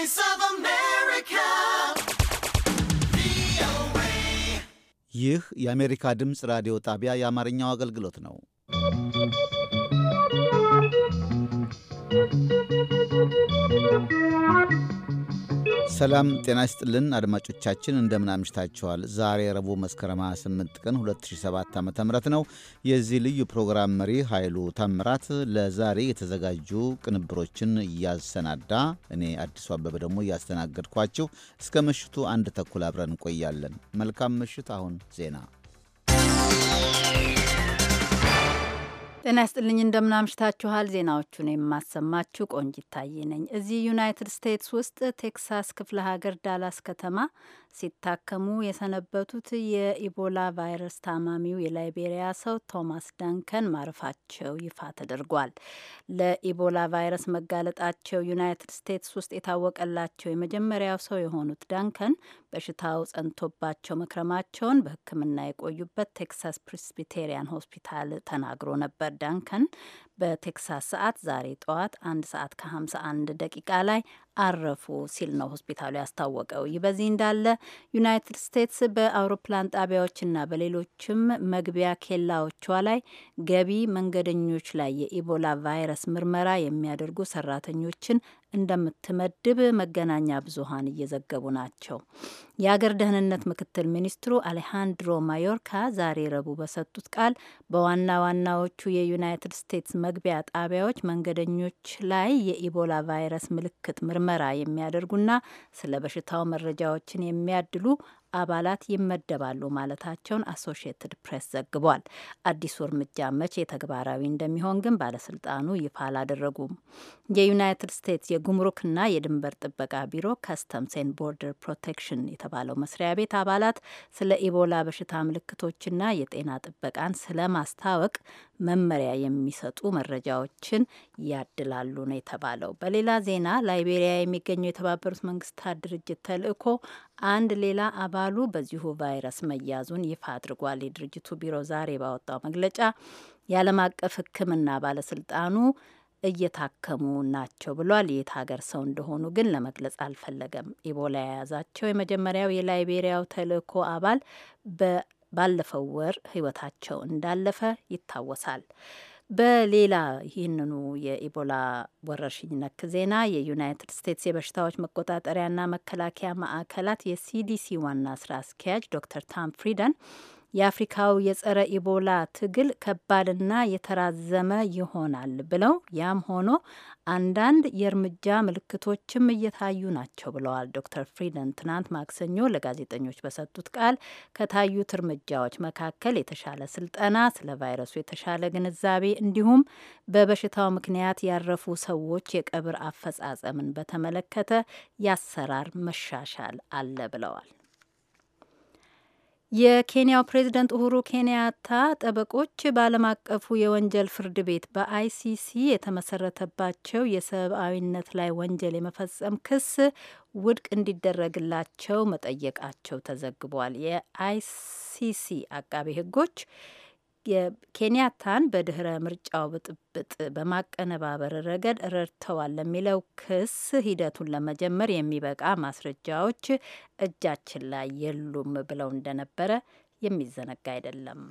Voice of America. ይህ የአሜሪካ ድምፅ ራዲዮ ጣቢያ የአማርኛው አገልግሎት ነው። ሰላም ጤና ይስጥልን አድማጮቻችን፣ እንደምን አምሽታችኋል? ዛሬ ረቡዕ መስከረም 28 ቀን 2007 ዓ ም ነው። የዚህ ልዩ ፕሮግራም መሪ ኃይሉ ታምራት ለዛሬ የተዘጋጁ ቅንብሮችን እያሰናዳ እኔ አዲሱ አበበ ደግሞ እያስተናገድኳችሁ እስከ ምሽቱ አንድ ተኩል አብረን እንቆያለን። መልካም ምሽት። አሁን ዜና ጤና ይስጥልኝ እንደምናምሽታችኋል። ዜናዎቹን የማሰማችሁ ቆንጂት ታዬ ነኝ። እዚህ ዩናይትድ ስቴትስ ውስጥ ቴክሳስ ክፍለ ሀገር ዳላስ ከተማ ሲታከሙ የሰነበቱት የኢቦላ ቫይረስ ታማሚው የላይቤሪያ ሰው ቶማስ ዳንከን ማረፋቸው ይፋ ተደርጓል። ለኢቦላ ቫይረስ መጋለጣቸው ዩናይትድ ስቴትስ ውስጥ የታወቀላቸው የመጀመሪያው ሰው የሆኑት ዳንከን በሽታው ጸንቶባቸው መክረማቸውን በሕክምና የቆዩበት ቴክሳስ ፕሬስቢቴሪያን ሆስፒታል ተናግሮ ነበር። ዳንከን በቴክሳስ ሰዓት ዛሬ ጠዋት አንድ ሰዓት ከ51 ደቂቃ ላይ አረፉ ሲል ነው ሆስፒታሉ ያስታወቀው። ይህ በዚህ እንዳለ ዩናይትድ ስቴትስ በአውሮፕላን ጣቢያዎችና በሌሎችም መግቢያ ኬላዎቿ ላይ ገቢ መንገደኞች ላይ የኢቦላ ቫይረስ ምርመራ የሚያደርጉ ሰራተኞችን እንደምትመድብ መገናኛ ብዙሃን እየዘገቡ ናቸው። የአገር ደህንነት ምክትል ሚኒስትሩ አሌሃንድሮ ማዮርካ ዛሬ ረቡዕ በሰጡት ቃል በዋና ዋናዎቹ የዩናይትድ ስቴትስ መግቢያ ጣቢያዎች መንገደኞች ላይ የኢቦላ ቫይረስ ምልክት ምርመራ የሚያደርጉና ስለ በሽታው መረጃዎችን የሚያድሉ አባላት ይመደባሉ ማለታቸውን አሶሺየትድ ፕሬስ ዘግቧል። አዲሱ እርምጃ መቼ ተግባራዊ እንደሚሆን ግን ባለስልጣኑ ይፋ አላደረጉም። የዩናይትድ ስቴትስ የጉምሩክና የድንበር ጥበቃ ቢሮ ከስተምስ ኤንድ ቦርደር ፕሮቴክሽን የተባለው መስሪያ ቤት አባላት ስለ ኢቦላ በሽታ ምልክቶችና የጤና ጥበቃን ስለማስታወቅ መመሪያ የሚሰጡ መረጃዎችን ያድላሉ ነው የተባለው። በሌላ ዜና ላይቤሪያ የሚገኘው የተባበሩት መንግስታት ድርጅት ተልእኮ አንድ ሌላ አባሉ በዚሁ ቫይረስ መያዙን ይፋ አድርጓል። የድርጅቱ ቢሮ ዛሬ ባወጣው መግለጫ የዓለም አቀፍ ሕክምና ባለስልጣኑ እየታከሙ ናቸው ብሏል። የት ሀገር ሰው እንደሆኑ ግን ለመግለጽ አልፈለገም። ኢቦላ የያዛቸው የመጀመሪያው የላይቤሪያው ተልእኮ አባል በ ባለፈው ወር ህይወታቸው እንዳለፈ ይታወሳል። በሌላ ይህንኑ የኢቦላ ወረርሽኝ ነክ ዜና የዩናይትድ ስቴትስ የበሽታዎች መቆጣጠሪያና መከላከያ ማዕከላት የሲዲሲ ዋና ስራ አስኪያጅ ዶክተር ታም ፍሪደን የአፍሪካው የጸረ ኢቦላ ትግል ከባድና የተራዘመ ይሆናል ብለው ያም ሆኖ አንዳንድ የእርምጃ ምልክቶችም እየታዩ ናቸው ብለዋል ዶክተር ፍሪደን ትናንት ማክሰኞ ለጋዜጠኞች በሰጡት ቃል። ከታዩት እርምጃዎች መካከል የተሻለ ስልጠና፣ ስለ ቫይረሱ የተሻለ ግንዛቤ እንዲሁም በበሽታው ምክንያት ያረፉ ሰዎች የቀብር አፈጻጸምን በተመለከተ የአሰራር መሻሻል አለ ብለዋል። የኬንያው ፕሬዝደንት ኡሁሩ ኬንያታ ጠበቆች በዓለም አቀፉ የወንጀል ፍርድ ቤት በአይሲሲ የተመሰረተባቸው የሰብአዊነት ላይ ወንጀል የመፈጸም ክስ ውድቅ እንዲደረግላቸው መጠየቃቸው ተዘግቧል። የአይሲሲ አቃቤ ሕጎች የኬንያታን በድህረ ምርጫው ብጥብጥ በማቀነባበር ረገድ ረድተዋል ለሚለው ክስ ሂደቱን ለመጀመር የሚበቃ ማስረጃዎች እጃችን ላይ የሉም ብለው እንደነበረ የሚዘነጋ አይደለም።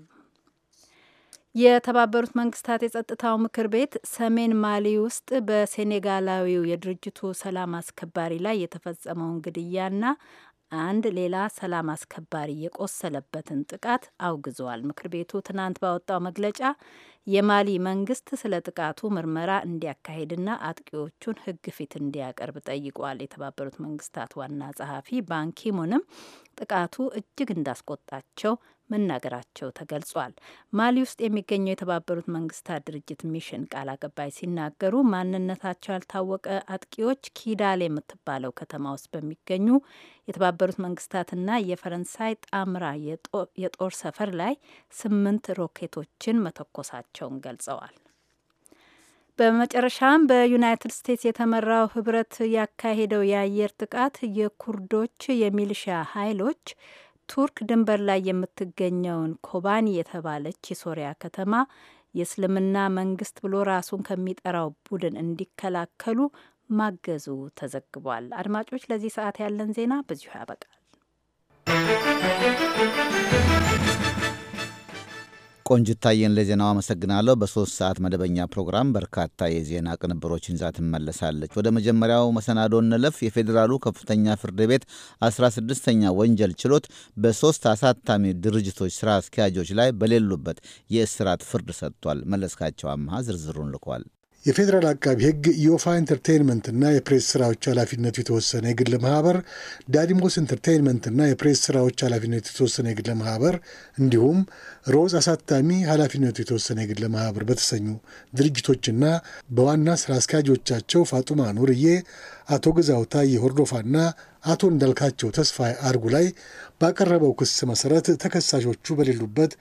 የተባበሩት መንግስታት የጸጥታው ምክር ቤት ሰሜን ማሊ ውስጥ በሴኔጋላዊው የድርጅቱ ሰላም አስከባሪ ላይ የተፈጸመውን ግድያና አንድ ሌላ ሰላም አስከባሪ የቆሰለበትን ጥቃት አውግዘዋል። ምክር ቤቱ ትናንት ባወጣው መግለጫ የማሊ መንግስት ስለ ጥቃቱ ምርመራ እንዲያካሄድና አጥቂዎቹን ህግ ፊት እንዲያቀርብ ጠይቋል። የተባበሩት መንግስታት ዋና ጸሐፊ ባንኪሙንም ጥቃቱ እጅግ እንዳስቆጣቸው መናገራቸው ተገልጿል። ማሊ ውስጥ የሚገኘው የተባበሩት መንግስታት ድርጅት ሚሽን ቃል አቀባይ ሲናገሩ ማንነታቸው ያልታወቀ አጥቂዎች ኪዳል የምትባለው ከተማ ውስጥ በሚገኙ የተባበሩት መንግስታትና የፈረንሳይ ጣምራ የጦር ሰፈር ላይ ስምንት ሮኬቶችን መተኮሳቸው መሆናቸውን ገልጸዋል። በመጨረሻም በዩናይትድ ስቴትስ የተመራው ህብረት ያካሄደው የአየር ጥቃት የኩርዶች የሚሊሻ ኃይሎች ቱርክ ድንበር ላይ የምትገኘውን ኮባኒ የተባለች የሶሪያ ከተማ የእስልምና መንግስት ብሎ ራሱን ከሚጠራው ቡድን እንዲከላከሉ ማገዙ ተዘግቧል። አድማጮች፣ ለዚህ ሰዓት ያለን ዜና በዚሁ ያበቃል። ቆንጅታየን ለዜናው አመሰግናለሁ። በሶስት ሰዓት መደበኛ ፕሮግራም በርካታ የዜና ቅንብሮችን ይዛ ትመለሳለች። ወደ መጀመሪያው መሰናዶ እንለፍ። የፌዴራሉ ከፍተኛ ፍርድ ቤት 16ኛ ወንጀል ችሎት በሶስት አሳታሚ ድርጅቶች ስራ አስኪያጆች ላይ በሌሉበት የእስራት ፍርድ ሰጥቷል። መለስካቸው አመሃ ዝርዝሩን ልኳል። የፌዴራል አቃቢ ህግ የወፋ ኢንተርቴንመንትና የፕሬስ ስራዎች ኃላፊነቱ የተወሰነ የግል ማህበር፣ ዳዲሞስ ኢንተርቴንመንትና የፕሬስ ስራዎች ኃላፊነቱ የተወሰነ የግል ማህበር እንዲሁም ሮዝ አሳታሚ ኃላፊነቱ የተወሰነ የግል ማህበር በተሰኙ ድርጅቶችና በዋና ስራ አስኪያጆቻቸው ፋጡማ ኑርዬ፣ አቶ ግዛውታ ታዬ ና አቶ እንዳልካቸው ተስፋ አርጉ ላይ ባቀረበው ክስ መሰረት ተከሳሾቹ በሌሉበት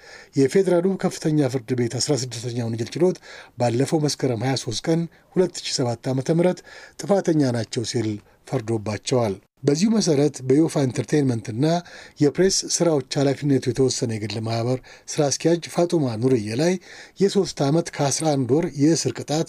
የፌዴራሉ ከፍተኛ ፍርድ ቤት 16ኛ ወንጀል ችሎት ባለፈው መስከረም 23 ቀን 2007 ዓ ም ጥፋተኛ ናቸው ሲል ፈርዶባቸዋል። በዚሁ መሰረት በዮፋ ኢንተርቴንመንትና የፕሬስ ስራዎች ኃላፊነቱ የተወሰነ የግል ማህበር ስራ አስኪያጅ ፋጡማ ኑርዬ ላይ የሶስት ዓመት ከ11 ወር የእስር ቅጣት፣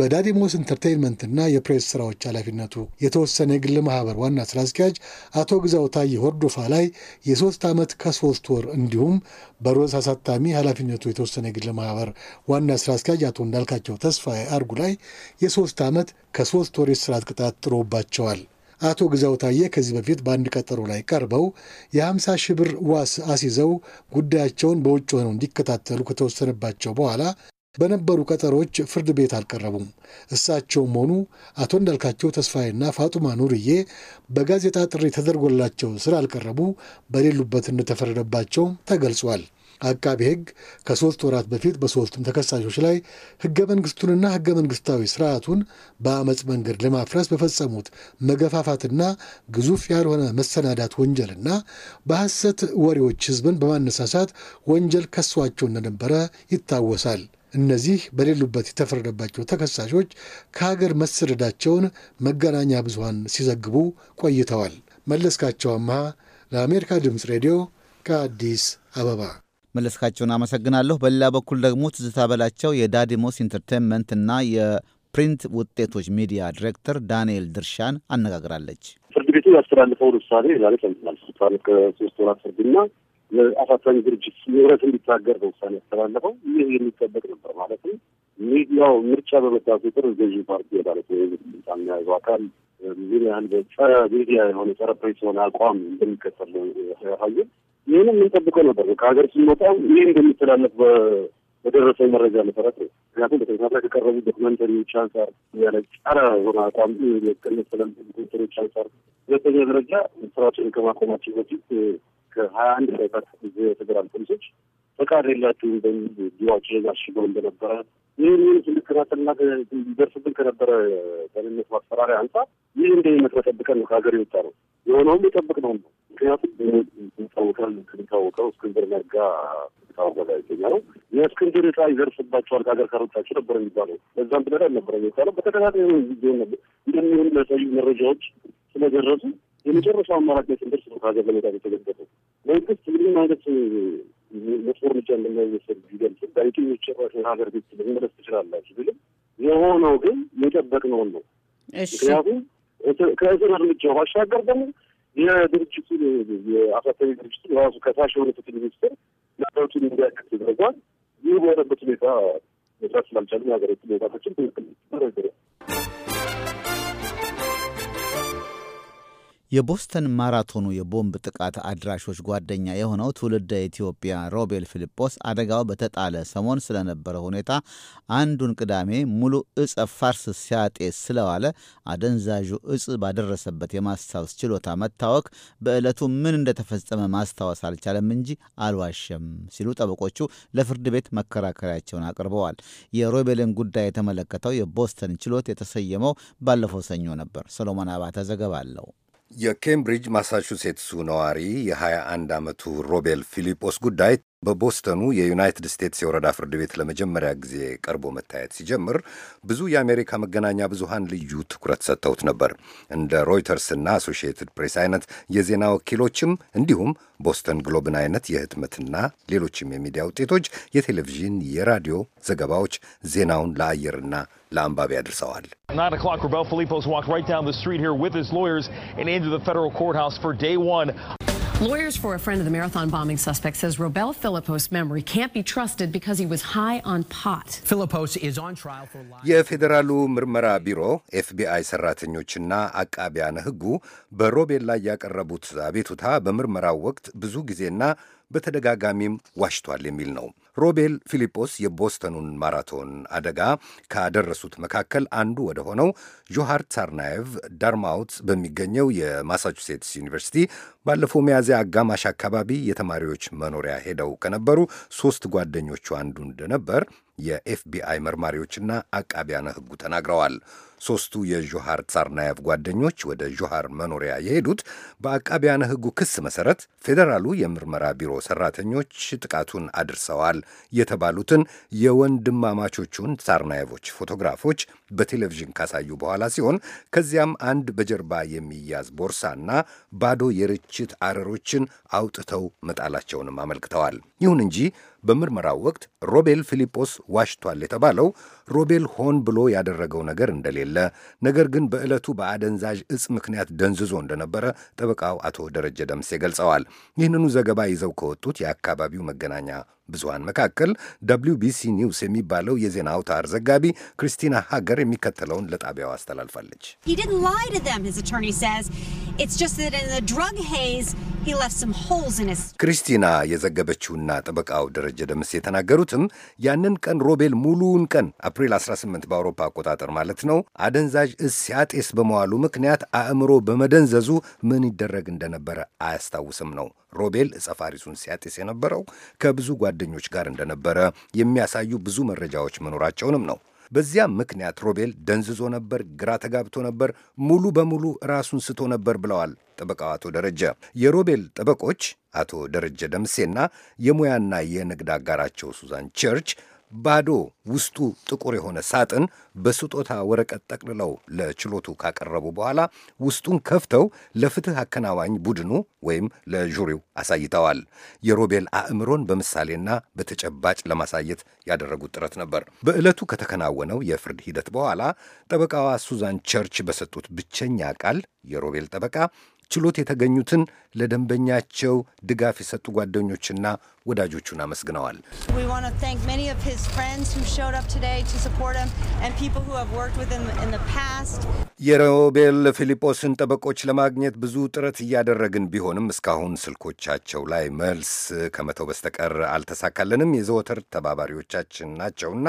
በዳዲሞስ ኢንተርቴንመንትና የፕሬስ ስራዎች ኃላፊነቱ የተወሰነ የግል ማህበር ዋና ስራ አስኪያጅ አቶ ግዛው ታዬ ወርዶፋ ላይ የሶስት ዓመት ከሶስት ወር እንዲሁም በሮዝ አሳታሚ ኃላፊነቱ የተወሰነ የግል ማህበር ዋና ስራ አስኪያጅ አቶ እንዳልካቸው ተስፋዬ አርጉ ላይ የሶስት ዓመት ከሶስት ወር የእስራት ቅጣት ጥሎባቸዋል። አቶ ግዛው ታዬ ከዚህ በፊት በአንድ ቀጠሮ ላይ ቀርበው የ50 ሺህ ብር ዋስ አስይዘው ጉዳያቸውን በውጭ ሆነው እንዲከታተሉ ከተወሰነባቸው በኋላ በነበሩ ቀጠሮዎች ፍርድ ቤት አልቀረቡም። እሳቸውም ሆኑ አቶ እንዳልካቸው ተስፋዬና ፋጡማ ኑርዬ በጋዜጣ ጥሪ ተደርጎላቸው ስላልቀረቡ በሌሉበት እንደተፈረደባቸው ተገልጿል። አቃቤ ሕግ ከሶስት ወራት በፊት በሶስቱም ተከሳሾች ላይ ህገ መንግስቱንና ህገ መንግስታዊ ስርዓቱን በአመፅ መንገድ ለማፍረስ በፈጸሙት መገፋፋትና ግዙፍ ያልሆነ መሰናዳት ወንጀልና በሐሰት ወሬዎች ህዝብን በማነሳሳት ወንጀል ከሷቸው እንደነበረ ይታወሳል። እነዚህ በሌሉበት የተፈረደባቸው ተከሳሾች ከሀገር መሰደዳቸውን መገናኛ ብዙሃን ሲዘግቡ ቆይተዋል። መለስካቸው አምሃ ለአሜሪካ ድምፅ ሬዲዮ ከአዲስ አበባ መለስካቸውን አመሰግናለሁ። በሌላ በኩል ደግሞ ትዝታ በላቸው የዳዲሞስ ኢንተርቴንመንት እና የፕሪንት ውጤቶች ሚዲያ ዲሬክተር ዳንኤል ድርሻን አነጋግራለች። ፍርድ ቤቱ ያስተላልፈውን ውሳኔ ዛሬ ሰምተናል። ውሳኔ ከሶስት ወራት ፍርድና ለአሳታኝ ድርጅት ንብረት እንዲታገር በውሳኔ ያስተላለፈው ይህ የሚጠበቅ ነበር። ማለትም ሚዲያው ምርጫ በመጣ ቁጥር ገዢ ፓርቲ ማለት ስልጣን የያዘው አካል ምን ያህል ሚዲያ የሆነ ጸረ ፕሬስ የሆነ አቋም እንደሚከተል ያሳየን ይህንም የምንጠብቀው ነበር። ከሀገር ስንወጣ ይህ እንደሚተላለፍ በደረሰው መረጃ መሰረት ነው። ምክንያቱም በተመሳሳይ ከቀረቡ ዶክመንተሪዎች አንጻር ያለ ጫረ ሆነ አቋም ከሚያስተላል ዶክመንተሪዎች አንጻር ሁለተኛ ደረጃ ስራቸውን ከማቆማቸው በፊት ከሀያ አንድ ላይ ታክስ ጊዜ ፖሊሶች ፈቃድ የላችሁም በሚል ቢዋቸው አሽገው እንደነበረ ይህን ይህን ስንከታተልና ደርስብን ከነበረ ደህንነት ማስፈራሪያ አንጻር ይህ እንደ እንደሚመስለ ጠብቀን ነው ከሀገር የወጣ ነው። የሆነውም የጠብቅ ነው ነው። ምክንያቱም ታወቃል ከሚታወቀው እስክንድር ነጋ ታወቀ ጋር ይገኛ ነው። የእስክንድር ዕጣ ይደርስባቸዋል ከሀገር ካሮቻቸው ነበረ የሚባለው በዛም ብለህ ነበር የሚባለው በተከታታይ ጊዜ እንደሚሆን ለጠዩ መረጃዎች ስለደረሱ የመጨረሻው አማራጭ ስንደርስ ነው ከሀገር ለመውጣት የተገደፈው መንግስት ምንም አይነት መጥፎ እርምጃ እንደማይወሰድ ቢገልጽ ጋዜጠኞች ጭራሽ ሀገር ቤት ልመለስ ትችላላችሁ ብልም የሆነው ግን የጠበቅነውን ነው። ምክንያቱም ከእስር እርምጃ ባሻገር ደግሞ የድርጅቱን የአሳታሚ ድርጅቱ ራሱ ከሳሽ የሆነ ፍትህ ሚኒስትር ነገሮችን እንዲያክል ተደርጓል። ይህ በሆነበት ሁኔታ መስራት ስላልቻለ የሀገሮችን ሁኔታችን ትክክል ተረገ የቦስተን ማራቶኑ የቦምብ ጥቃት አድራሾች ጓደኛ የሆነው ትውልደ ኢትዮጵያ ሮቤል ፊልጶስ አደጋው በተጣለ ሰሞን ስለነበረ ሁኔታ አንዱን ቅዳሜ ሙሉ እጸ ፋርስ ሲያጤስ ስለዋለ አደንዛዡ እጽ ባደረሰበት የማስታወስ ችሎታ መታወክ በዕለቱ ምን እንደተፈጸመ ማስታወስ አልቻለም እንጂ አልዋሸም ሲሉ ጠበቆቹ ለፍርድ ቤት መከራከሪያቸውን አቅርበዋል። የሮቤልን ጉዳይ የተመለከተው የቦስተን ችሎት የተሰየመው ባለፈው ሰኞ ነበር። ሰሎሞን አባተ ዘገባ አለው። የኬምብሪጅ ማሳቹሴትሱ ነዋሪ የ21 ዓመቱ ሮቤል ፊሊጶስ ጉዳይ በቦስተኑ የዩናይትድ ስቴትስ የወረዳ ፍርድ ቤት ለመጀመሪያ ጊዜ ቀርቦ መታየት ሲጀምር ብዙ የአሜሪካ መገናኛ ብዙሃን ልዩ ትኩረት ሰጥተውት ነበር። እንደ ሮይተርስና አሶሽትድ ፕሬስ አይነት የዜና ወኪሎችም እንዲሁም ቦስተን ግሎብን አይነት የህትመትና ሌሎችም የሚዲያ ውጤቶች የቴሌቪዥን፣ የራዲዮ ዘገባዎች ዜናውን ለአየርና ለአንባቢ አድርሰዋል። Lawyers for a friend of the marathon bombing suspect says Robel Philippos' memory can't be trusted because he was high on pot. Philippos is on trial for የፌዴራሉ ምርመራ ቢሮ ኤፍቢአይ ሰራተኞችና ሕጉ በሮቤል ላይ ያቀረቡት አቤቱታ በምርመራው ወቅት ብዙ ጊዜና በተደጋጋሚም ዋሽቷል የሚል ነው። ሮቤል ፊሊጶስ የቦስተኑን ማራቶን አደጋ ካደረሱት መካከል አንዱ ወደ ሆነው ጆሃር ሳርናየቭ ዳርማውት በሚገኘው የማሳቹሴትስ ዩኒቨርሲቲ ባለፈው ሚያዝያ አጋማሽ አካባቢ የተማሪዎች መኖሪያ ሄደው ከነበሩ ሶስት ጓደኞቹ አንዱ እንደነበር የኤፍቢአይ መርማሪዎችና አቃቢያነ ሕጉ ተናግረዋል። ሦስቱ የዦሃር ሳርናየቭ ጓደኞች ወደ ዦሃር መኖሪያ የሄዱት በአቃቢያነ ሕጉ ክስ መሠረት ፌዴራሉ የምርመራ ቢሮ ሠራተኞች ጥቃቱን አድርሰዋል የተባሉትን የወንድማማቾቹን ሳርናየቮች ፎቶግራፎች በቴሌቪዥን ካሳዩ በኋላ ሲሆን ከዚያም አንድ በጀርባ የሚያዝ ቦርሳና ባዶ የርችት አረሮችን አውጥተው መጣላቸውንም አመልክተዋል። ይሁን እንጂ በምርመራው ወቅት ሮቤል ፊሊጶስ ዋሽቷል የተባለው ሮቤል ሆን ብሎ ያደረገው ነገር እንደሌለ ነገር ግን በዕለቱ በአደንዛዥ እጽ ምክንያት ደንዝዞ እንደነበረ ጠበቃው አቶ ደረጀ ደምሴ ገልጸዋል። ይህንኑ ዘገባ ይዘው ከወጡት የአካባቢው መገናኛ ብዙሃን መካከል ደብሊው ቢሲ ኒውስ የሚባለው የዜና አውታር ዘጋቢ ክሪስቲና ሀገር የሚከተለውን ለጣቢያው አስተላልፋለች። ክሪስቲና የዘገበችውና ጠበቃው ደረጀ ደምስ የተናገሩትም ያንን ቀን ሮቤል ሙሉውን ቀን አፕሪል 18 በአውሮፓ አቆጣጠር ማለት ነው አደንዛዥ እጽ ሲያጤስ በመዋሉ ምክንያት አእምሮ በመደንዘዙ ምን ይደረግ እንደነበረ አያስታውስም ነው። ሮቤል እጸ ፋሪሱን ሲያጤስ የነበረው ከብዙ ጓ ጓደኞች ጋር እንደነበረ የሚያሳዩ ብዙ መረጃዎች መኖራቸውንም ነው። በዚያ ምክንያት ሮቤል ደንዝዞ ነበር፣ ግራ ተጋብቶ ነበር፣ ሙሉ በሙሉ ራሱን ስቶ ነበር ብለዋል ጠበቃው አቶ ደረጀ። የሮቤል ጠበቆች አቶ ደረጀ ደምሴና የሙያና የንግድ አጋራቸው ሱዛን ቸርች ባዶ ውስጡ ጥቁር የሆነ ሳጥን በስጦታ ወረቀት ጠቅልለው ለችሎቱ ካቀረቡ በኋላ ውስጡን ከፍተው ለፍትህ አከናዋኝ ቡድኑ ወይም ለዡሪው አሳይተዋል። የሮቤል አእምሮን በምሳሌና በተጨባጭ ለማሳየት ያደረጉት ጥረት ነበር። በዕለቱ ከተከናወነው የፍርድ ሂደት በኋላ ጠበቃዋ ሱዛን ቸርች በሰጡት ብቸኛ ቃል የሮቤል ጠበቃ ችሎት የተገኙትን ለደንበኛቸው ድጋፍ የሰጡ ጓደኞችና ወዳጆቹን አመስግነዋል። የሮቤል ፊሊጶስን ጠበቆች ለማግኘት ብዙ ጥረት እያደረግን ቢሆንም እስካሁን ስልኮቻቸው ላይ መልስ ከመተው በስተቀር አልተሳካለንም። የዘወትር ተባባሪዎቻችን ናቸውና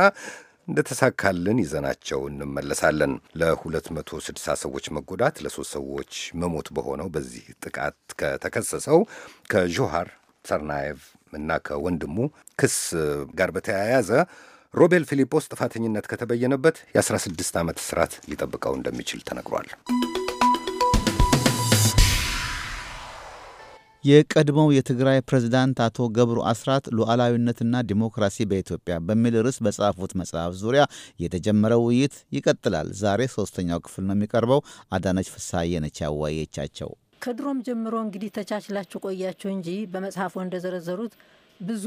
እንደተሳካልን ይዘናቸው እንመለሳለን። ለ260 ሰዎች መጎዳት ለሶስት ሰዎች መሞት በሆነው በዚህ ጥቃት ከተከሰሰው ከዦሃር ሰርናየቭ እና ከወንድሙ ክስ ጋር በተያያዘ ሮቤል ፊሊጶስ ጥፋተኝነት ከተበየነበት የ16 ዓመት እስራት ሊጠብቀው እንደሚችል ተነግሯል። የቀድሞው የትግራይ ፕሬዝዳንት አቶ ገብሩ አስራት ሉዓላዊነትና ዲሞክራሲ በኢትዮጵያ በሚል ርዕስ በጻፉት መጽሐፍ ዙሪያ የተጀመረው ውይይት ይቀጥላል። ዛሬ ሶስተኛው ክፍል ነው የሚቀርበው። አዳነች ፍሳዬ ነች ያዋየቻቸው። ከድሮም ጀምሮ እንግዲህ ተቻችላችሁ ቆያችሁ እንጂ በመጽሐፉ እንደዘረዘሩት ብዙ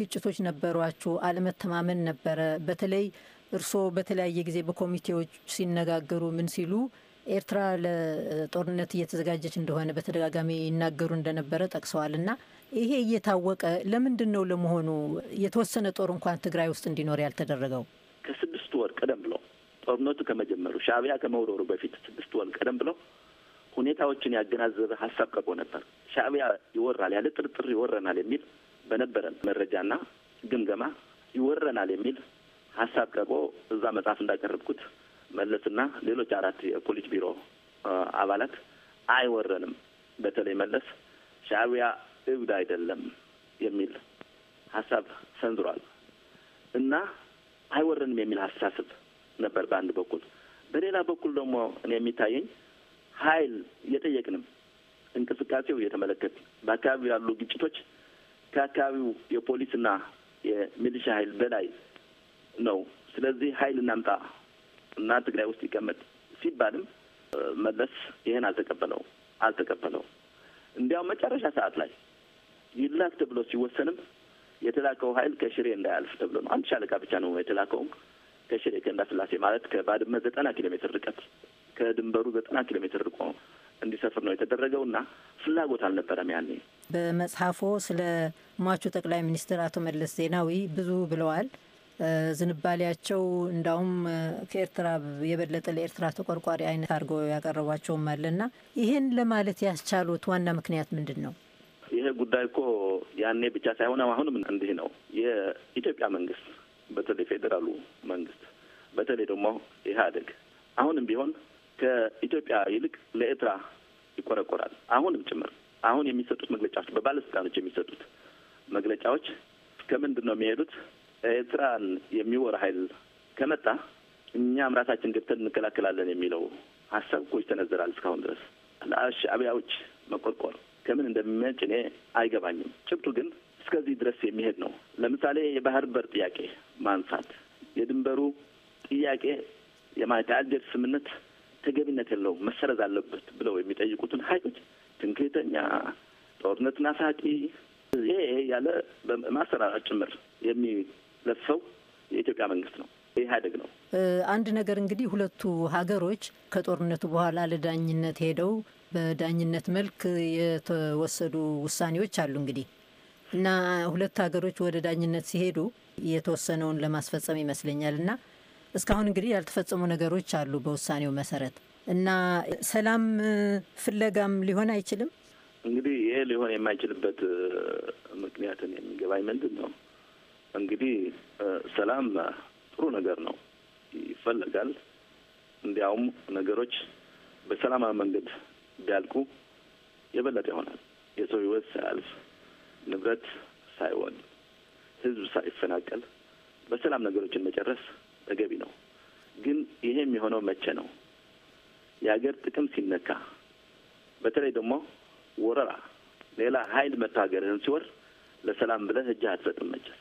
ግጭቶች ነበሯችሁ፣ አለመተማመን ነበረ። በተለይ እርስዎ በተለያየ ጊዜ በኮሚቴዎች ሲነጋገሩ ምን ሲሉ ኤርትራ ለጦርነት እየተዘጋጀች እንደሆነ በተደጋጋሚ ይናገሩ እንደነበረ ጠቅሰዋል። እና ይሄ እየታወቀ ለምንድን ነው ለመሆኑ የተወሰነ ጦር እንኳን ትግራይ ውስጥ እንዲኖር ያልተደረገው? ከስድስት ወር ቀደም ብሎ ጦርነቱ ከመጀመሩ ሻቢያ ከመውረሩ በፊት ስድስት ወር ቀደም ብሎ ሁኔታዎችን ያገናዘበ ሀሳብ ቀርቦ ነበር። ሻቢያ ይወራል፣ ያለ ጥርጥር ይወረናል የሚል በነበረን መረጃና ግምገማ ይወረናል የሚል ሀሳብ ቀርቦ እዛ መጽሐፍ እንዳቀረብኩት መለስና ሌሎች አራት የፖሊት ቢሮ አባላት አይወረንም፣ በተለይ መለስ ሻቢያ እብድ አይደለም የሚል ሀሳብ ሰንዝሯል እና አይወረንም የሚል አስተሳሰብ ነበር በአንድ በኩል። በሌላ በኩል ደግሞ እኔ የሚታየኝ ኃይል እየጠየቅንም እንቅስቃሴው እየተመለከት በአካባቢው ያሉ ግጭቶች ከአካባቢው የፖሊስና የሚሊሻ ኃይል በላይ ነው። ስለዚህ ኃይል እናምጣ እና ትግራይ ውስጥ ይቀመጥ ሲባልም መለስ ይህን አልተቀበለው አልተቀበለው። እንዲያውም መጨረሻ ሰዓት ላይ ይላክ ተብሎ ሲወሰንም የተላከው ኃይል ከሽሬ እንዳያልፍ ተብሎ ነው። አንድ ሻለቃ ብቻ ነው የተላከውም ከሽሬ ስላሴ ማለት ከባድመ ዘጠና ኪሎ ሜትር ርቀት ከድንበሩ ዘጠና ኪሎ ሜትር ርቆ እንዲሰፍር ነው የተደረገው እና ፍላጎት አልነበረም ያኔ። በመጽሐፎ ስለ ሟቹ ጠቅላይ ሚኒስትር አቶ መለስ ዜናዊ ብዙ ብለዋል። ዝንባሌያቸው እንዳውም ከኤርትራ የበለጠ ለኤርትራ ተቆርቋሪ አይነት አድርገው ያቀረቧቸውም አለና ይህን ለማለት ያስቻሉት ዋና ምክንያት ምንድን ነው? ይሄ ጉዳይ እኮ ያኔ ብቻ ሳይሆን አሁንም እንዲህ ነው። የኢትዮጵያ መንግስት በተለይ ፌዴራሉ መንግስት በተለይ ደግሞ ኢህአዴግ አሁንም ቢሆን ከኢትዮጵያ ይልቅ ለኤርትራ ይቆረቆራል። አሁንም ጭምር አሁን የሚሰጡት መግለጫዎች፣ በባለስልጣኖች የሚሰጡት መግለጫዎች ከምንድን ነው የሚሄዱት? ኤርትራን የሚወር ሀይል ከመጣ እኛም ራሳችን ገብተን እንከላከላለን የሚለው ሀሳብ እኮ ይሰነዘራል። እስካሁን ድረስ ለሻዕቢያዎች መቆርቆር ከምን እንደሚመጭ እኔ አይገባኝም። ጭብጡ ግን እስከዚህ ድረስ የሚሄድ ነው። ለምሳሌ የባህር በር ጥያቄ ማንሳት፣ የድንበሩ ጥያቄ የአልጀር ስምምነት ተገቢነት የለውም መሰረዝ አለበት ብለው የሚጠይቁትን ሀይሎች ትንክተኛ፣ ጦርነት ናፋቂ ይሄ ያለ ማሰራራት ጭምር የሚ ለሰው የኢትዮጵያ መንግስት ነው ኢህአዴግ ነው። አንድ ነገር እንግዲህ ሁለቱ ሀገሮች ከጦርነቱ በኋላ ለዳኝነት ሄደው በዳኝነት መልክ የተወሰዱ ውሳኔዎች አሉ እንግዲህ እና ሁለት ሀገሮች ወደ ዳኝነት ሲሄዱ የተወሰነውን ለማስፈጸም ይመስለኛል እና እስካሁን እንግዲህ ያልተፈጸሙ ነገሮች አሉ በውሳኔው መሰረት እና ሰላም ፍለጋም ሊሆን አይችልም። እንግዲህ ይሄ ሊሆን የማይችልበት ምክንያትን የሚገባኝ ምንድን ነው? እንግዲህ ሰላም ጥሩ ነገር ነው፣ ይፈለጋል። እንዲያውም ነገሮች በሰላማዊ መንገድ ቢያልቁ የበለጠ ይሆናል። የሰው ሕይወት ሳያልፍ ንብረት ሳይሆን ህዝብ ሳይፈናቀል በሰላም ነገሮችን መጨረስ ተገቢ ነው። ግን ይሄ የሚሆነው መቼ ነው? የሀገር ጥቅም ሲነካ፣ በተለይ ደግሞ ወረራ፣ ሌላ ኃይል መጥቶ ሀገርህን ሲወር ለሰላም ብለህ እጅህ አትሰጥም መቼስ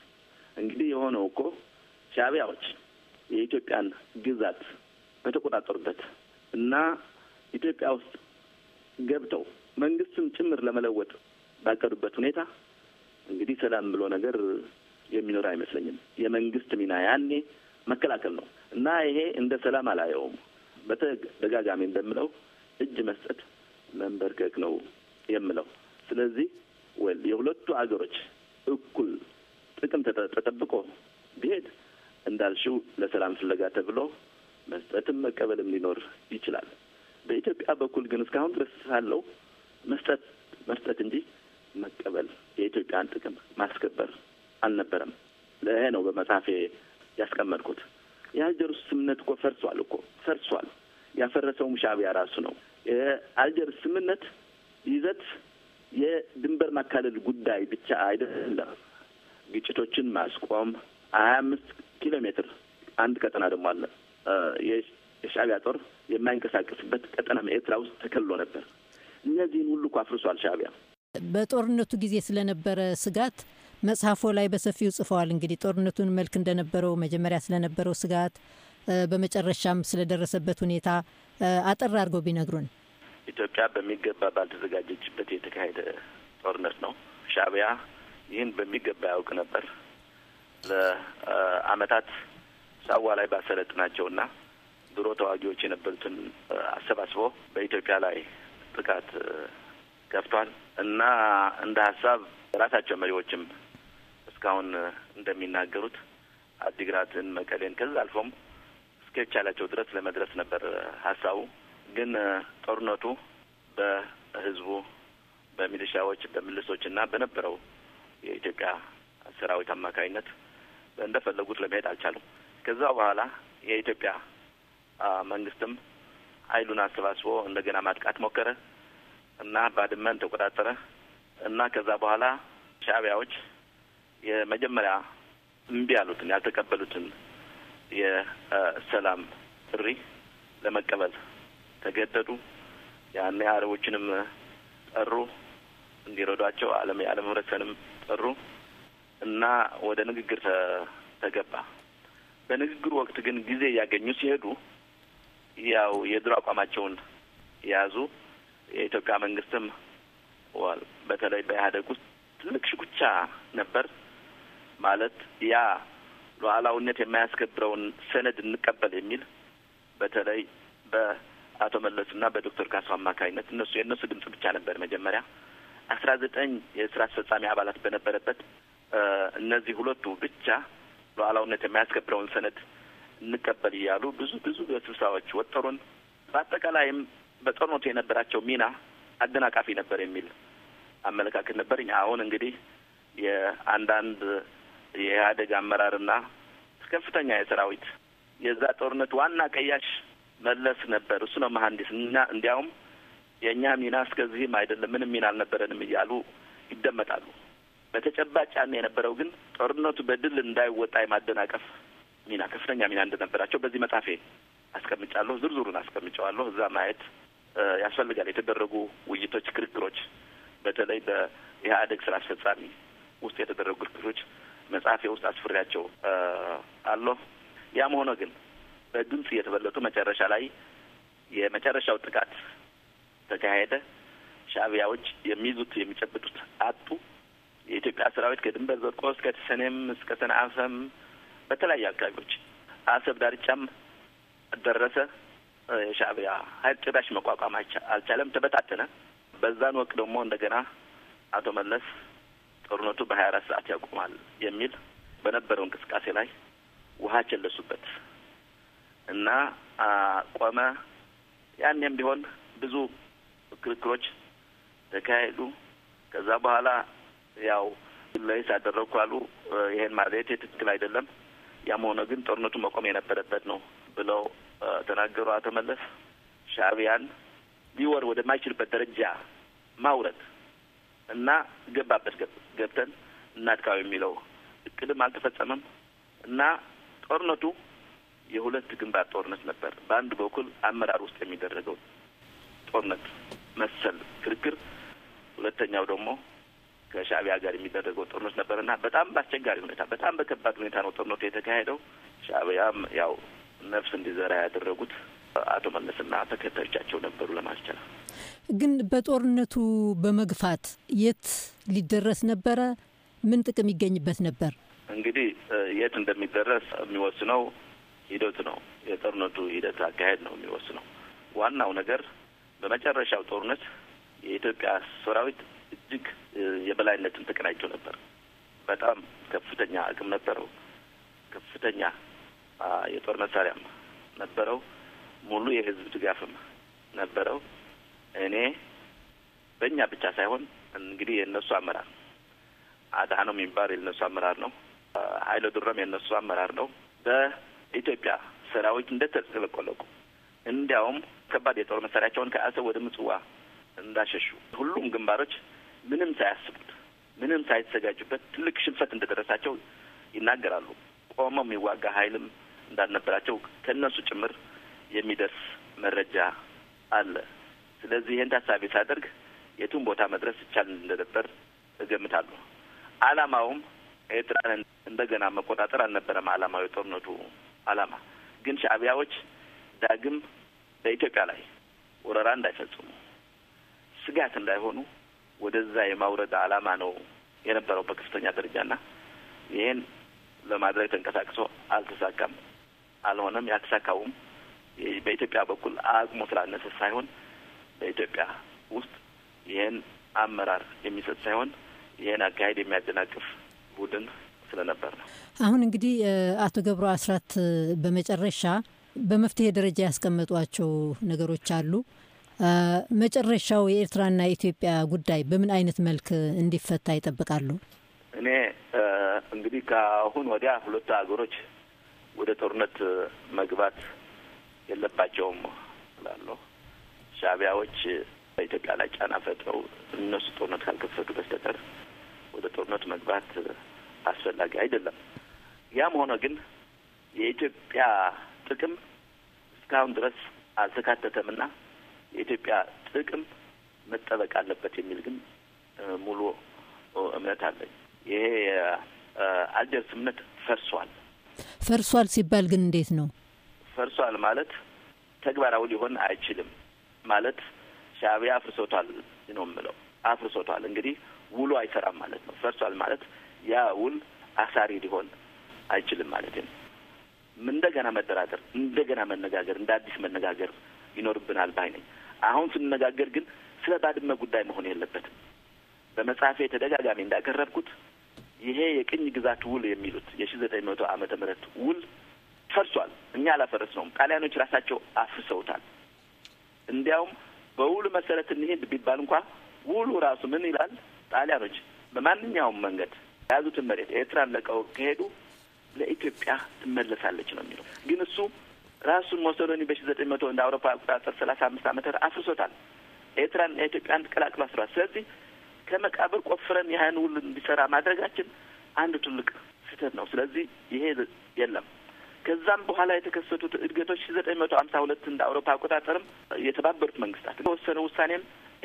እንግዲህ የሆነው እኮ ሻቢያዎች የኢትዮጵያን ግዛት በተቆጣጠሩበት እና ኢትዮጵያ ውስጥ ገብተው መንግስትም ጭምር ለመለወጥ ባቀዱበት ሁኔታ እንግዲህ ሰላም ብሎ ነገር የሚኖር አይመስለኝም። የመንግስት ሚና ያኔ መከላከል ነው እና ይሄ እንደ ሰላም አላየውም። በተደጋጋሚ እንደምለው እጅ መስጠት መንበርከክ ነው የምለው። ስለዚህ ወል የሁለቱ አገሮች እኩል ጥቅም ተጠብቆ ቢሄድ እንዳልሽው ለሰላም ፍለጋ ተብሎ መስጠትም መቀበልም ሊኖር ይችላል። በኢትዮጵያ በኩል ግን እስካሁን ድረስ ሳለው መስጠት መስጠት እንጂ መቀበል የኢትዮጵያን ጥቅም ማስከበር አልነበረም። ለይሄ ነው በመጽሐፌ ያስቀመጥኩት። የአልጀርስ ስምምነት እኮ ፈርሷል እኮ ፈርሷል። ያፈረሰውም ሻቢያ ራሱ ነው። የአልጀርስ ስምምነት ይዘት የድንበር ማካለል ጉዳይ ብቻ አይደለም። ግጭቶችን ማስቆም ሀያ አምስት ኪሎ ሜትር አንድ ቀጠና ደግሞ አለ የሻቢያ ጦር የማይንቀሳቀስበት ቀጠና ኤርትራ ውስጥ ተከልሎ ነበር። እነዚህን ሁሉ እኮ አፍርሷል በጦርነቱ ጊዜ ስለነበረ ስጋት መጽሐፎ ላይ በሰፊው ጽፈዋል። እንግዲህ ጦርነቱን መልክ እንደነበረው መጀመሪያ ስለነበረው ስጋት፣ በመጨረሻም ስለደረሰበት ሁኔታ አጠር አድርገው ቢነግሩን። ኢትዮጵያ በሚገባ ባልተዘጋጀችበት የተካሄደ ጦርነት ነው ሻቢያ ይህን በሚገባ ያውቅ ነበር። ለአመታት ሳዋ ላይ ባሰለጥናቸውና ድሮ ተዋጊዎች የነበሩትን አሰባስቦ በኢትዮጵያ ላይ ጥቃት ከፍቷል እና እንደ ሀሳብ የራሳቸው መሪዎችም እስካሁን እንደሚናገሩት አዲግራትን፣ መቀሌን ከዛ አልፎም እስከቻላቸው ድረስ ለመድረስ ነበር ሀሳቡ። ግን ጦርነቱ በህዝቡ፣ በሚሊሻዎች፣ በምልሶች እና በነበረው የኢትዮጵያ ሰራዊት አማካኝነት እንደፈለጉት ለመሄድ አልቻሉም። ከዛ በኋላ የኢትዮጵያ መንግስትም ኃይሉን አሰባስቦ እንደገና ማጥቃት ሞከረ እና ባድመን ተቆጣጠረ እና ከዛ በኋላ ሻዕቢያዎች የመጀመሪያ እምቢ ያሉትን ያልተቀበሉትን የሰላም ጥሪ ለመቀበል ተገደዱ። ያኔ አረቦችንም ጠሩ እንዲረዷቸው ዓለም የዓለም ህብረተሰንም ጠሩ እና ወደ ንግግር ተገባ። በንግግሩ ወቅት ግን ጊዜ እያገኙ ሲሄዱ ያው የድሮ አቋማቸውን የያዙ የኢትዮጵያ መንግስትም በተለይ በኢህአዴግ ውስጥ ትልቅ ሽኩቻ ነበር። ማለት ያ ሉዓላዊነት የማያስከብረውን ሰነድ እንቀበል የሚል በተለይ በአቶ መለሱና በዶክተር ካሱ አማካኝነት እነሱ የእነሱ ድምጽ ብቻ ነበር መጀመሪያ አስራ ዘጠኝ የስራ አስፈጻሚ አባላት በነበረበት እነዚህ ሁለቱ ብቻ ሉዓላዊነት የሚያስከብረውን ሰነድ እንቀበል እያሉ ብዙ ብዙ ስብሰባዎች ወጠሩን። በአጠቃላይም በጦርነቱ የነበራቸው ሚና አደናቃፊ ነበር የሚል አመለካከት ነበርኝ። አሁን እንግዲህ የአንዳንድ የኢህአዴግ አመራርና ከፍተኛ የሰራዊት የዛ ጦርነት ዋና ቀያሽ መለስ ነበር። እሱ ነው መሀንዲስ እና እንዲያውም የእኛ ሚና እስከዚህም አይደለም፣ ምንም ሚና አልነበረንም እያሉ ይደመጣሉ። በተጨባጭ ያን የነበረው ግን ጦርነቱ በድል እንዳይወጣ የማደናቀፍ ሚና ከፍተኛ ሚና እንደነበራቸው በዚህ መጽሐፌ አስቀምጫለሁ። ዝርዝሩን አስቀምጨዋለሁ። እዛ ማየት ያስፈልጋል። የተደረጉ ውይይቶች፣ ክርክሮች በተለይ በኢህአዴግ ስራ አስፈጻሚ ውስጥ የተደረጉ ክርክሮች መጽሐፌ ውስጥ አስፍሬያቸው አለሁ። ያም ሆነ ግን በድምፅ እየተበለጡ መጨረሻ ላይ የመጨረሻው ጥቃት ተካሄደ። ሻቢያዎች የሚይዙት የሚጨብጡት አጡ። የኢትዮጵያ ሰራዊት ከድንበር ዘቆ እስከ ሰኔም እስከ ሰንአፈም በተለያዩ አካባቢዎች አሰብ ዳርቻም ደረሰ። የሻዕቢያ ሀይል ጭራሽ መቋቋም አልቻለም፣ ተበታተነ። በዛን ወቅት ደግሞ እንደገና አቶ መለስ ጦርነቱ በሀያ አራት ሰዓት ያቆማል የሚል በነበረው እንቅስቃሴ ላይ ውሃ ቸለሱበት እና ቆመ። ያኔም ቢሆን ብዙ ክርክሮች ተካሄዱ። ከዛ በኋላ ያው ለይስ አደረግኩ አሉ። ይሄን ማለቴ ትክክል አይደለም፣ ያም ሆነ ግን ጦርነቱ መቆም የነበረበት ነው ብለው ተናገሩ። አቶ መለስ ሻዕቢያን ሊወር ወደማይችልበት ደረጃ ማውረድ እና ገባበት ገብተን እናጥቃው የሚለው እቅድም አልተፈጸመም እና ጦርነቱ የሁለት ግንባር ጦርነት ነበር። በአንድ በኩል አመራር ውስጥ የሚደረገው ጦርነት መሰል ክርክር፣ ሁለተኛው ደግሞ ከሻእቢያ ጋር የሚደረገው ጦርነት ነበርና በጣም በአስቸጋሪ ሁኔታ በጣም በከባድ ሁኔታ ነው ጦርነቱ የተካሄደው። ሻእቢያም ያው ነፍስ እንዲዘራ ያደረጉት አቶ መለስና ተከታዮቻቸው ነበሩ ለማስቻል ግን በጦርነቱ በመግፋት የት ሊደረስ ነበረ? ምን ጥቅም ይገኝበት ነበር? እንግዲህ የት እንደሚደረስ የሚወስነው ሂደት ነው። የጦርነቱ ሂደት አካሄድ ነው የሚወስነው። ዋናው ነገር በመጨረሻው ጦርነት የኢትዮጵያ ሰራዊት እጅግ የበላይነትን ተቀናጅቶ ነበር። በጣም ከፍተኛ አቅም ነበረው። ከፍተኛ የጦር መሳሪያም ነበረው። ሙሉ የህዝብ ድጋፍም ነበረው። እኔ በእኛ ብቻ ሳይሆን እንግዲህ የእነሱ አመራር አድሃኖም የሚባል የእነሱ አመራር ነው። ሀይለ ዱረም የእነሱ አመራር ነው። በኢትዮጵያ ሰራዊት እንደተለቆለቁ እንዲያውም ከባድ የጦር መሳሪያቸውን ከአሰብ ወደ ምጽዋ እንዳሸሹ ሁሉም ግንባሮች ምንም ሳያስቡት ምንም ሳይዘጋጁበት ትልቅ ሽንፈት እንደደረሳቸው ይናገራሉ። ቆመው የሚዋጋ ኃይልም እንዳልነበራቸው ከእነሱ ጭምር የሚደርስ መረጃ አለ። ስለዚህ ይህን ታሳቢ ሳደርግ የቱን ቦታ መድረስ ይቻል እንደነበር እገምታለሁ። ዓላማውም ኤርትራን እንደገና መቆጣጠር አልነበረም። ዓላማው የጦርነቱ ዓላማ ግን ሻዕቢያዎች ዳግም በኢትዮጵያ ላይ ወረራ እንዳይፈጽሙ ስጋት እንዳይሆኑ ወደዛ የማውረድ ዓላማ ነው የነበረው በከፍተኛ ደረጃና ይህን ለማድረግ ተንቀሳቅሶ አልተሳካም። አልሆነም። ያልተሳካውም በኢትዮጵያ በኩል አቅሙ ስላነሰ ሳይሆን በኢትዮጵያ ውስጥ ይህን አመራር የሚሰጥ ሳይሆን ይህን አካሄድ የሚያደናቅፍ ቡድን ስለነበር ነው። አሁን እንግዲህ አቶ ገብሩ አስራት በመጨረሻ በመፍትሄ ደረጃ ያስቀመጧቸው ነገሮች አሉ። መጨረሻው የኤርትራና የኢትዮጵያ ጉዳይ በምን አይነት መልክ እንዲፈታ ይጠብቃሉ? እኔ እንግዲህ ከአሁን ወዲያ ሁለቱ ሀገሮች ወደ ጦርነት መግባት የለባቸውም እላለሁ። ሻቢያዎች በኢትዮጵያ ላይ ጫና ፈጥረው እነሱ ጦርነት ካልከፈቱ በስተቀር ወደ ጦርነት መግባት አስፈላጊ አይደለም። ያም ሆነ ግን የኢትዮጵያ ጥቅም እስካሁን ድረስ አልተካተተምና የኢትዮጵያ ጥቅም መጠበቅ አለበት የሚል ግን ሙሉ እምነት አለኝ። ይሄ የአልጀር ስምነት ፈርሷል። ፈርሷል ሲባል ግን እንዴት ነው? ፈርሷል ማለት ተግባራዊ ሊሆን አይችልም ማለት ሻዕቢያ አፍርሶቷል ነው የምለው። አፍርሶቷል እንግዲህ ውሉ አይሰራም ማለት ነው። ፈርሷል ማለት ያ ውል አሳሪ ሊሆን አይችልም ማለት ነው። እንደገና መደራደር፣ እንደገና መነጋገር፣ እንደ አዲስ መነጋገር ይኖርብናል ባይ ነኝ። አሁን ስንነጋገር ግን ስለ ባድመ ጉዳይ መሆን የለበትም። በመጽሐፌ ተደጋጋሚ እንዳቀረብኩት ይሄ የቅኝ ግዛት ውል የሚሉት የሺ ዘጠኝ መቶ ዓመተ ምህረት ውል ፈርሷል። እኛ አላፈረስ ነውም ጣሊያኖች ራሳቸው አፍርሰውታል። እንዲያውም በውሉ መሰረት እንሄድ ቢባል እንኳ ውሉ ራሱ ምን ይላል? ጣሊያኖች በማንኛውም መንገድ የያዙትን መሬት ኤርትራን ለቀው ከሄዱ ለኢትዮጵያ ትመለሳለች ነው የሚለው። ግን እሱ ራሱን ሞሶሎኒ በሺ ዘጠኝ መቶ እንደ አውሮፓ አቆጣጠር ሰላሳ አምስት ዓመተ አፍርሶታል። ኤርትራን ኢትዮጵያን ቀላቅሎ አስሯል። ስለዚህ ከመቃብር ቆፍረን ያህን ውል እንዲሰራ ማድረጋችን አንድ ትልቅ ስህተት ነው። ስለዚህ ይሄ የለም። ከዛም በኋላ የተከሰቱት እድገቶች ሺ ዘጠኝ መቶ ሀምሳ ሁለት እንደ አውሮፓ አቆጣጠርም የተባበሩት መንግስታት የተወሰነ ውሳኔም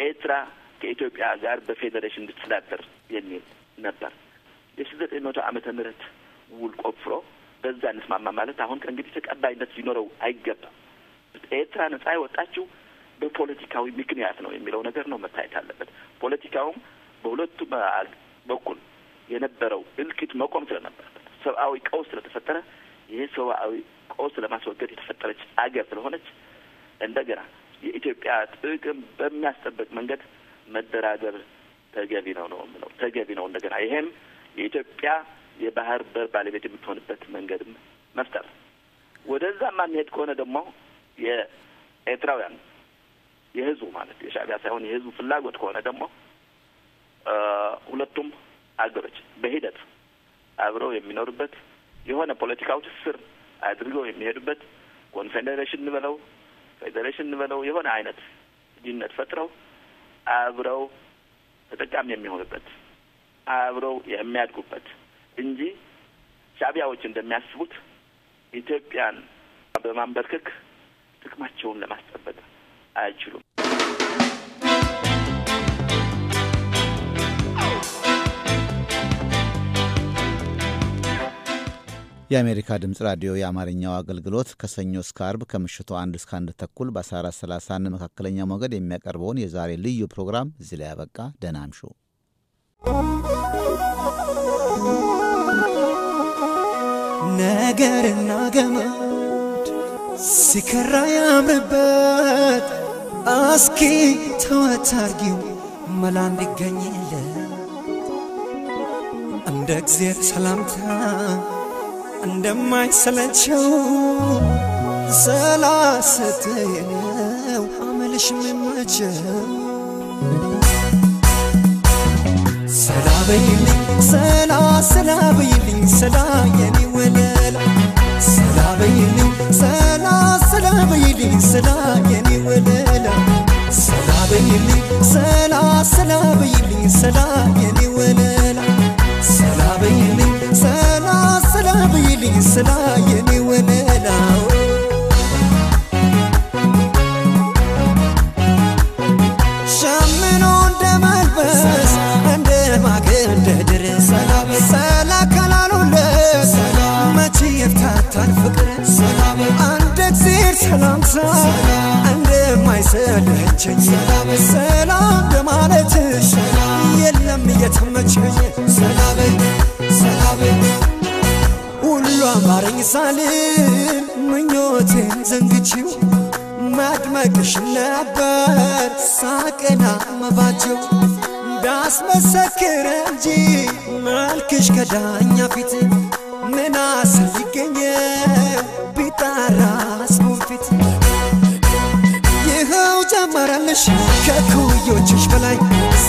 ኤርትራ ከኢትዮጵያ ጋር በፌዴሬሽን እንድትተዳደር የሚል ነበር። የሺ ዘጠኝ መቶ ዓመተ ምህረት ውል ቆፍሮ በዛ እንስማማ ማለት አሁን ከእንግዲህ ተቀባይነት ሊኖረው አይገባም። ኤርትራ ነጻ የወጣችው በፖለቲካዊ ምክንያት ነው የሚለው ነገር ነው መታየት አለበት። ፖለቲካውም በሁለቱ በኩል የነበረው እልክት መቆም ስለነበረበት፣ ሰብአዊ ቀውስ ስለተፈጠረ ይህ ሰብአዊ ቀውስ ለማስወገድ የተፈጠረች አገር ስለሆነች እንደገና የኢትዮጵያ ጥቅም በሚያስጠበቅ መንገድ መደራደር ተገቢ ነው ነው የምለው ተገቢ ነው። እንደገና ይሄም የኢትዮጵያ የባህር በር ባለቤት የምትሆንበት መንገድ መፍጠር ወደዛ ማንሄድ ከሆነ ደግሞ የኤርትራውያን የህዝቡ ማለት የሻእቢያ ሳይሆን የህዝቡ ፍላጎት ከሆነ ደግሞ ሁለቱም አገሮች በሂደት አብረው የሚኖሩበት የሆነ ፖለቲካው ትስስር አድርገው የሚሄዱበት ኮንፌዴሬሽን እንበለው ፌዴሬሽን እንበለው የሆነ አይነት ድነት ፈጥረው አብረው ተጠቃሚ የሚሆኑበት አብረው የሚያድጉበት እንጂ ሻቢያዎች እንደሚያስቡት ኢትዮጵያን በማንበርከክ ጥቅማቸውን ለማስጠበቅ አይችሉም። የአሜሪካ ድምፅ ራዲዮ የአማርኛው አገልግሎት ከሰኞ እስከ አርብ ከምሽቱ አንድ እስከ አንድ ተኩል በ 1431 መካከለኛ ሞገድ የሚያቀርበውን የዛሬ ልዩ ፕሮግራም እዚህ ላይ ያበቃ። ደህና እምሹ። ነገርና ገመድ ሲከራ ያምርበት እስኪ ተወታርጊው መላ እንደ ሰላምታ እንደማይሰለቸው አመልሽ ሰላ በይልኝ ሰላ ሰላ በይልኝ ሰላ የኔ ወለላ ሰላ በይልኝ ሰላ ሰላ በይልኝ ሰላ የኔ ወለላ ሰላ በይልኝ ሰላ ሰላ በይልኝ ሰላ የኔ ወለላ ሰላ በይልኝ ሰላ ሰላ በይልኝ ሰላ የኔ ወለላ ደስታን ፍቅርን ሰላም አንድ እግዜር ሰላምታ እንደማይሰለቸኝ ሰላም በማለትሽ የለም እየተመቸኝ ሰላም ሰላም ሁሉ አማረኝ ሳልል ምኞትን ዘንግቼው መድመቅሽ ነበር ሳቅና መባቸው ዳስመሰክር እንጂ መልክሽ ከዳኛ ፊት ምናስ ይገኝ ቢጣራ ስኮንፊት ይኸው ጨመረልሽ ከኩዮችሽ በላይ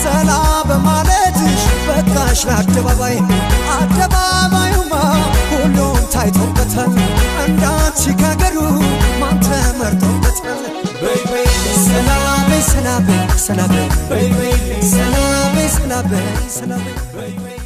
ሰላ በማለትሽ በቃሽ ለአደባባይ አደባባዩማ ሁሉም ታይቶበታል እንዳንቺ ካገሩ ማን ተመርጦበታል ሰላቤ ሰላቤ ሰላቤ ሰላቤ ሰላቤ ሰላቤ